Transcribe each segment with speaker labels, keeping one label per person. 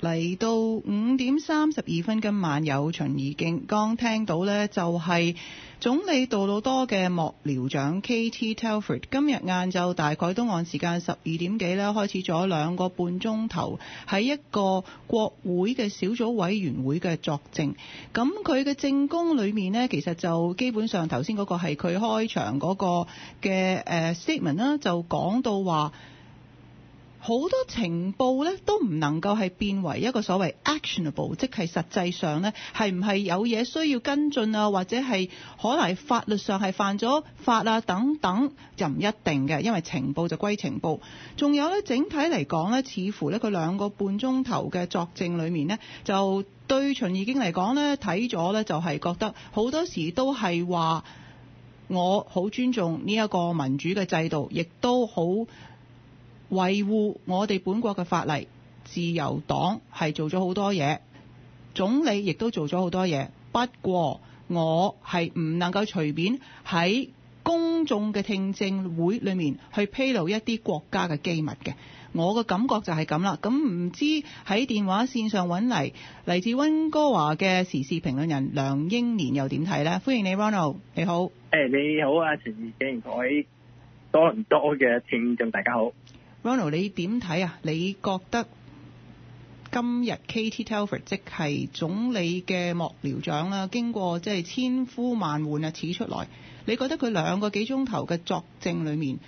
Speaker 1: 嚟到五點三十二分，今晚有巡而徑，剛聽到呢，就係總理杜魯多嘅幕僚長 Katie Telford 今日晏晝大概都按時間十二點幾咧開始咗兩個半鐘頭喺一個國會嘅小組委員會嘅作證，咁佢嘅證供裏面呢，其實就基本上頭先嗰個係佢開場嗰個嘅誒 statement 啦，就講到話。好多情報咧都唔能夠係變為一個所謂 actionable，即係實際上呢係唔係有嘢需要跟進啊，或者係可能係法律上係犯咗法啊等等，就唔一定嘅，因為情報就歸情報。仲有咧，整體嚟講呢，似乎呢，佢兩個半鐘頭嘅作證裏面呢，就對秦義經嚟講呢，睇咗呢，就係覺得好多時都係話我好尊重呢一個民主嘅制度，亦都好，維護我哋本國嘅法例，自由黨係做咗好多嘢，總理亦都做咗好多嘢。不過我係唔能夠隨便喺公眾嘅聽證會裏面去披露一啲國家嘅機密嘅。我嘅感覺就係咁啦。咁唔知喺電話線上揾嚟嚟自溫哥華嘅時事評論人梁英年又點睇呢？歡迎你，Ronald，你好。誒，你好啊，前幾
Speaker 2: 年各多倫多嘅聽眾，大家好。
Speaker 1: Ronald，你點睇啊？你覺得今日 Katie Telford 即係總理嘅幕僚長啦，經過即係千呼萬喚啊，始出來，你覺得佢兩個幾鐘頭嘅作證裏面，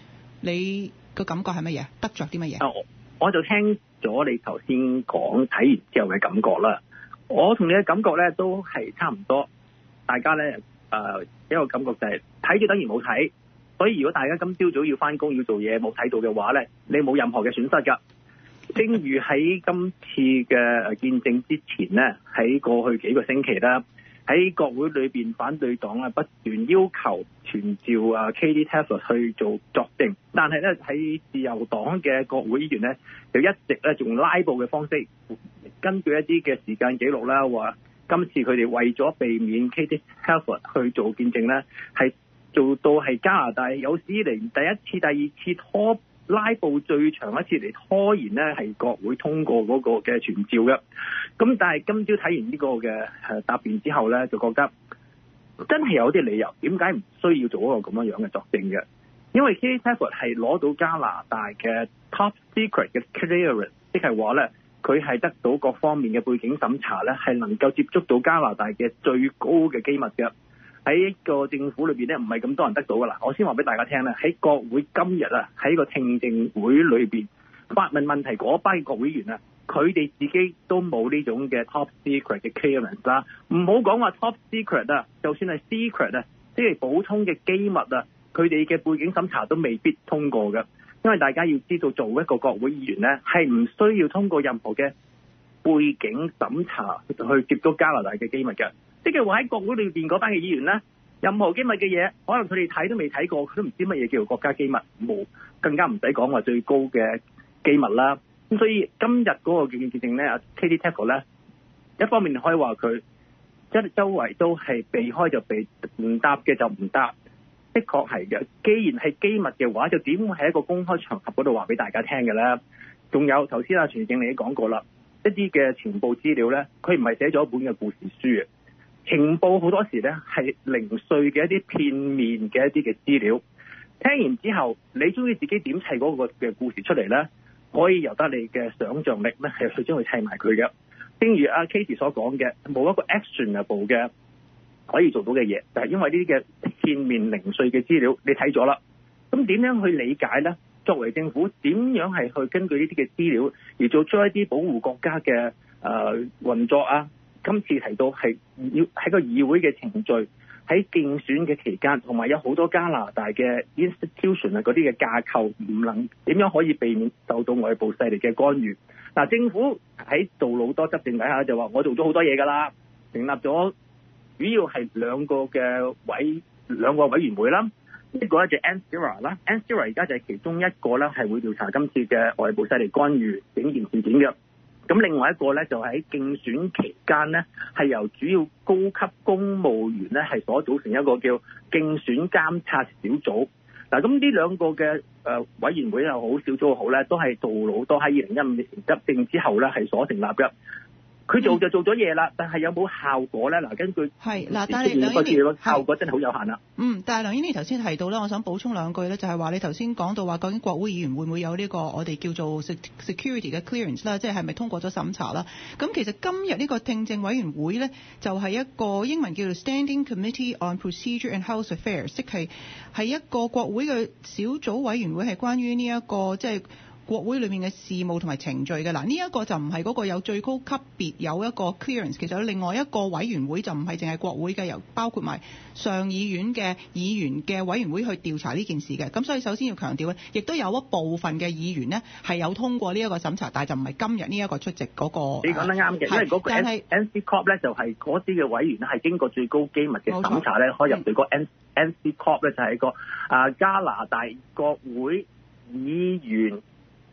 Speaker 1: 你個感覺係乜嘢？得着啲乜嘢？
Speaker 2: 我就聽咗你頭先講，睇完之後嘅感覺啦，我同你嘅感覺咧都係差唔多，大家咧誒、呃、一個感覺就係睇住等於冇睇。所以如果大家今朝早要翻工，要做嘢，冇睇到嘅話咧，你冇任何嘅損失噶正如喺今次嘅見證之前咧，喺過去幾個星期啦，喺國會裏邊，反對黨啊不斷要求傳召啊 Katie Telford 去做作證，但係咧喺自由黨嘅國會議員咧，就一直咧用拉布嘅方式，根據一啲嘅時間記錄啦，話，今次佢哋為咗避免 Katie Telford 去做見證咧，係。做到係加拿大有史以嚟第一次、第二次拖拉布最長一次嚟拖延呢，係國會通過嗰個嘅傳召嘅。咁但係今朝睇完呢個嘅、啊、答辯之後呢，就覺得真係有啲理由，點解唔需要做嗰個咁樣樣嘅作證嘅？因為 Katie Telford 係攞到加拿大嘅 Top Secret 嘅 Clearance，即係話呢，佢係得到各方面嘅背景審查呢，係能夠接觸到加拿大嘅最高嘅機密嘅。喺一個政府裏面，咧，唔係咁多人得到噶啦。我先話俾大家聽咧，喺國會今日啊，喺個聽證會裏面發問問題嗰班國會議員啊，佢哋自己都冇呢種嘅 top secret 嘅 clearance 啦。唔好講話 top secret 啊，就算係 secret 啊，即係普通嘅機密啊，佢哋嘅背景審查都未必通過嘅。因為大家要知道，做一個國會議員咧，係唔需要通過任何嘅背景審查去接到加拿大嘅機密嘅。即係話喺國會裏邊嗰班嘅議員咧，任何機密嘅嘢，可能佢哋睇都未睇過，佢都唔知乜嘢叫國家機密，冇更加唔使講話最高嘅機密啦。咁所以今日嗰個見證咧，啊 Katie Telford 咧，一方面可以話佢一周圍都係避開就避，唔答嘅就唔答。的確係嘅，既然係機密嘅話，就點會喺一個公開場合嗰度話俾大家聽嘅咧？仲有頭先啊，全正你已經講過啦，一啲嘅情報資料咧，佢唔係寫咗一本嘅故事書嘅。情報好多時咧，係零碎嘅一啲片面嘅一啲嘅資料，聽完之後你中意自己點砌嗰個嘅故事出嚟咧，可以由得你嘅想象力咧，係去將佢砌埋佢嘅。正如阿 Katie 所講嘅，冇一個 actionable 嘅可以做到嘅嘢，就係、是、因為呢啲嘅片面零碎嘅資料你睇咗啦，咁點樣去理解咧？作為政府點樣係去根據呢啲嘅資料而做出一啲保護國家嘅誒運作啊？今次提到係要喺個議會嘅程序，喺競選嘅期間，同埋有好多加拿大嘅 institution 啊，嗰啲嘅架構，唔能點樣可以避免受到外部勢力嘅干預。嗱、啊，政府喺杜魯多執政底下就話，我做咗好多嘢㗎啦，成立咗主要係兩個嘅委兩個委員會啦，呢個就係 NSIRA 啦、啊、NSIRA 而家就係其中一個啦，係會調查今次嘅外部勢力干預整件事件嘅。咁另外一個咧，就喺、是、競選期間咧，係由主要高級公務員咧係所組成一個叫競選監察小組。嗱，咁呢兩個嘅誒委員會又好，小組又好咧，都係杜魯多喺二零一五年執政之後咧係所成立嘅。佢做就做咗嘢啦，但係有冇效果呢？嗱，根據係嗱，但係梁姨，效果真係好有限啦。
Speaker 1: 嗯，但係梁英你頭先提到咧，我想補充兩句呢，就係話你頭先講到話，究竟國會議員會唔會有呢個我哋叫做 security 嘅 clearance 啦？即係係咪通過咗審查啦？咁其實今日呢個聽證委員會呢，就係一個英文叫做 standing committee on procedure and house affairs，即係係一個國會嘅小組委員會於、這個，係關於呢一個即係。國會裏面嘅事務同埋程序嘅嗱，呢、這、一個就唔係嗰個有最高級別有一個 clearance，其實有另外一個委員會就唔係淨係國會嘅，由包括埋上議院嘅議員嘅委員會去調查呢件事嘅。咁所以首先要強調嘅，亦都有一部分嘅議員咧係有通過呢一個審查，但係就唔係今日呢一個出席嗰、那個。你講得啱嘅，因為嗰個
Speaker 2: 但係 NC Corp 咧就係嗰啲嘅委員咧係經過最高機密嘅審查咧，可以入去個 NC Corp 咧就係個啊加拿大國會議員。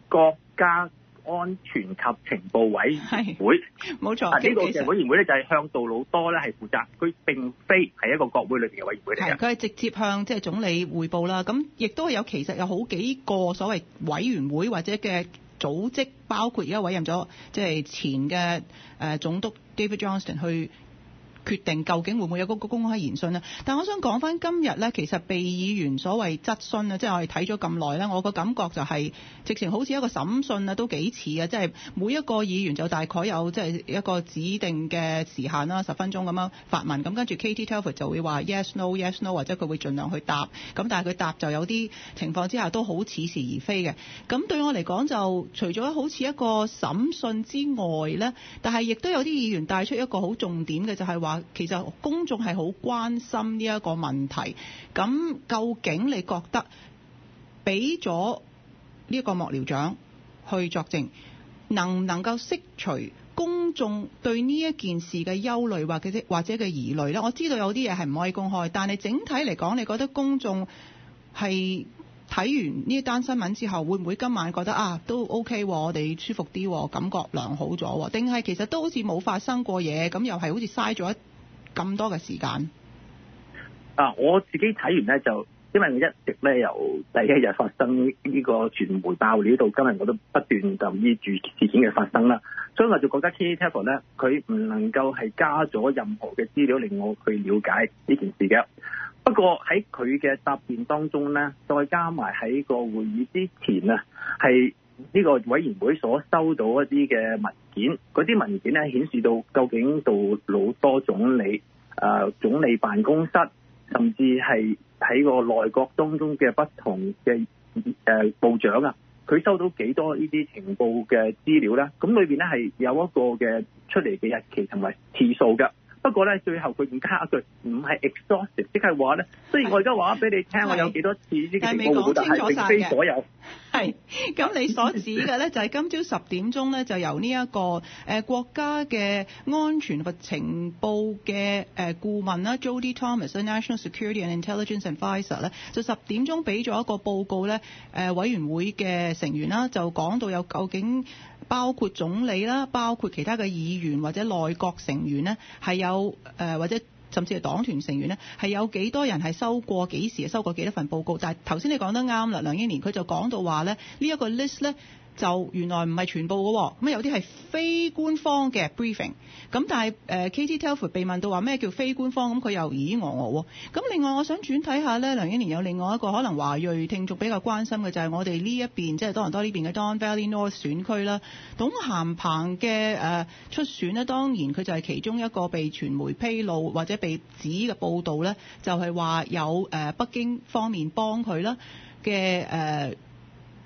Speaker 2: 國家安全及情報委員會，
Speaker 1: 冇錯。啊，呢個嘅委員
Speaker 2: 會咧就係向杜魯多咧係負責，佢並非係一個國會裏邊嘅委員會嚟。係，
Speaker 1: 佢係直接向即係總理匯報啦。咁亦都有其實有好幾個所謂委員會或者嘅組織，包括而家委任咗即係前嘅誒總督 David Johnston 去。決定究竟會唔會有嗰個公開言訊咧？但我想講翻今日呢，其實被議員所謂質詢咧，即係我哋睇咗咁耐呢，我個感覺就係直情好似一個審訊啊，都幾似啊！即係每一個議員就大概有即係一個指定嘅時限啦，十分鐘咁樣發問，咁跟住 Katie Telford 就會話 yes no yes no，或者佢會盡量去答，咁但係佢答就有啲情況之下都好似是而非嘅。咁對我嚟講就除咗好似一個審訊之外呢，但係亦都有啲議員帶出一個好重點嘅，就係話。其實公眾係好關心呢一個問題，咁究竟你覺得俾咗呢個幕僚長去作證，能唔能夠釋除公眾對呢一件事嘅憂慮或者或者嘅疑慮咧？我知道有啲嘢係唔可以公開，但係整體嚟講，你覺得公眾係？睇完呢單新聞之後，會唔會今晚覺得啊都 OK，我哋舒服啲，感覺良好咗？定係其實都好似冇發生過嘢，咁又係好似嘥咗咁多嘅時間？
Speaker 2: 啊，我自己睇完咧，就因為我一直咧由第一日發生呢個傳媒爆料到今日，我都不斷就依住事件嘅發生啦，所以我就覺得 K T table 咧，佢唔能夠係加咗任何嘅資料令我去了解呢件事嘅。不過喺佢嘅答辯當中咧，再加埋喺個會議之前啊，係呢個委員會所收到的一啲嘅文件，嗰啲文件咧，顯示到究竟杜魯多總理、誒、呃、總理辦公室，甚至係喺個內閣當中嘅不同嘅誒、呃、部長啊，佢收到幾多呢啲情報嘅資料咧？咁裏邊咧係有一個嘅出嚟嘅日期同埋次數嘅。不過咧，最後佢唔加一句，唔係 exhaustive，即係話咧，雖然我而家話俾你聽，我有幾多次未講清楚晒呢個報告，但係並非所有。
Speaker 1: 係，咁你所指嘅咧，就係今朝十點鐘咧，就由呢一個誒國家嘅安全或情報嘅誒顧問啦，Jody Thomas，The National Security and Intelligence Adviser 咧，就十點鐘俾咗一個報告咧，誒委員會嘅成員啦，就講到有究竟。包括總理啦，包括其他嘅議員或者內閣成員咧，係有誒，或者甚至係黨團成員咧，係有幾多人係收過幾時，收過幾多份報告？但係頭先你講得啱啦，梁英年佢就講到話咧，呢一個 list 咧。就原來唔係全部嘅，咁有啲係非官方嘅 briefing，咁但係誒 Katie Telford 被問到話咩叫非官方，咁佢又咦我我喎，咁另外我想轉睇下呢，梁英年有另外一個可能華裔聽眾比較關心嘅就係、是、我哋呢一邊即係、就是、多倫多呢邊嘅 Don Valley North 選區啦，董咸鵬嘅誒出選呢，當然佢就係其中一個被傳媒披露或者被指嘅報導呢，就係、是、話有誒北京方面幫佢啦嘅誒。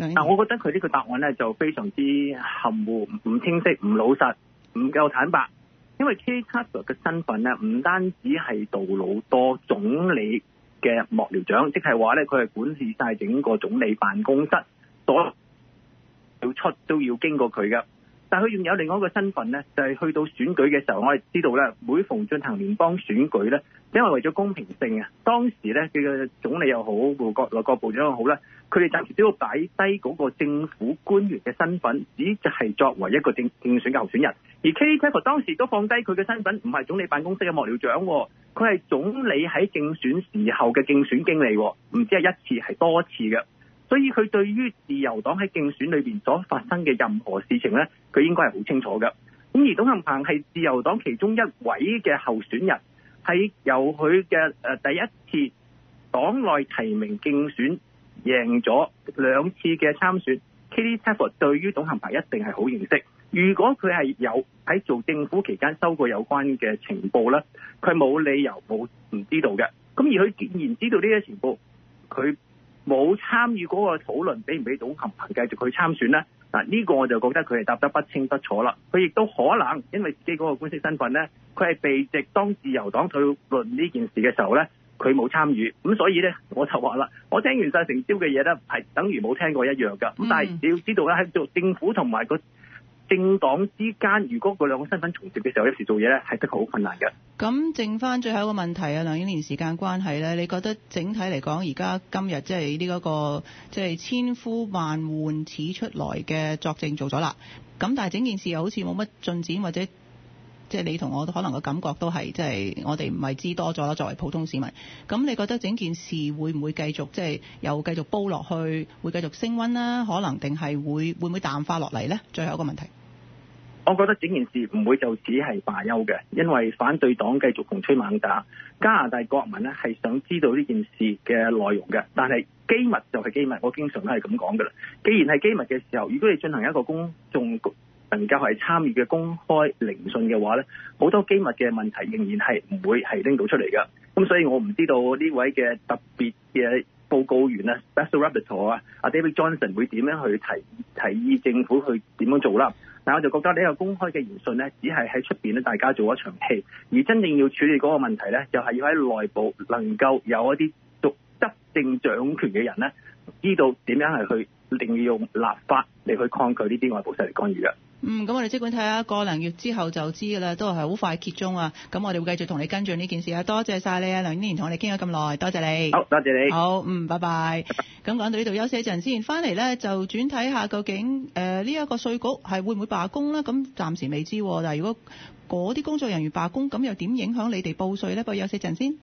Speaker 2: 但我覺得佢呢個答案咧就非常之含糊，唔清晰，唔老實，唔夠坦白。因為 Kakar 嘅身份咧，唔單止係杜魯多總理嘅幕僚長，即係話咧佢係管理曬整個總理辦公室，所要出都要經過佢嘅。但佢仲有另外一個身份咧，就係、是、去到選舉嘅時候，我哋知道咧。每逢進行聯邦選舉咧，因為為咗公平性啊，當時咧佢嘅總理又好，部國內各部長又好咧，佢哋暫時都要擺低嗰個政府官員嘅身份，只就係作為一個正競，競選嘅候選人。而 Katie Telford 當時都放低佢嘅身份，唔係總理辦公室嘅幕僚長、哦，佢係總理喺競選時候嘅競選經理、哦，唔知係一次係多次嘅。所以佢對於自由黨喺競選裏邊所發生嘅任何事情呢，佢應該係好清楚嘅。咁而董杏柏係自由黨其中一位嘅候選人，係由佢嘅第一次黨內提名競選贏咗兩次嘅參選，Katie Telford 對於董杏柏一定係好認識。如果佢係有喺做政府期間收過有關嘅情報呢，佢冇理由冇唔知道嘅。咁而佢既然知道呢啲情報，佢冇參與嗰個討論，俾唔俾董晗鵬繼續去參選咧？嗱、這、呢個我就覺得佢係答得不清不楚啦。佢亦都可能因為自己嗰個官式身份咧，佢係避席當自由黨討論呢件事嘅時候咧，佢冇參與。咁所以咧，我就話啦，我聽完晒成朝嘅嘢咧，係等於冇聽過一樣噶。咁但係你要知道咧，喺、嗯、做政府同埋個政黨之間，如果佢兩個身份重疊嘅時候，一時做嘢咧，係的確好
Speaker 1: 困難嘅。咁剩翻最後一個問題啊，梁英年時間關係呢，你覺得整體嚟講，而家今日即係呢個即係千呼萬喚始出來嘅作證做咗啦。咁但係整件事又好似冇乜進展，或者即係你同我可能個感覺都係，即係我哋唔係知多咗啦。作為普通市民，咁你覺得整件事會唔會繼續即係又繼續煲落去，會繼續升溫啦？可能定係會會唔會淡化落嚟呢？最後一個問題。
Speaker 2: 我覺得整件事唔會就只係罷休嘅，因為反對黨繼續狂吹猛打。加拿大國民咧，係想知道呢件事嘅內容嘅，但係機密就係機密。我經常都係咁講噶啦。既然係機密嘅時候，如果你進行一個公眾能夠係參與嘅公開聆訊嘅話呢，好多機密嘅問題仍然係唔會係拎到出嚟嘅。咁所以我唔知道呢位嘅特別嘅報告員呢 Special Rapporteur 啊，David Johnson 會點樣去提議提議政府去點樣做啦？但我就覺得呢個公開嘅言訊咧，只係喺出邊咧，大家做一場戲；而真正要處理嗰個問題咧，就係要喺內部能夠有一啲獨執政掌權嘅人咧，知道點樣係去利用立法嚟去抗拒呢啲外部勢力干預嘅。
Speaker 1: 嗯，咁我哋即管睇下，個零月之後就知噶啦，都係好快揭盅啊！咁我哋會繼續同你跟進呢件事啊，多謝曬你啊，梁英年同我哋傾咗咁耐，多謝你，好，多謝你，好，嗯，拜拜。咁講到呢度休息一陣先，翻嚟咧就轉睇下究竟誒呢一個稅局係會唔會罷工咧？咁暫時未知，但如果嗰啲工作人員罷工，咁又點影響你哋報稅咧？不過休息一陣先。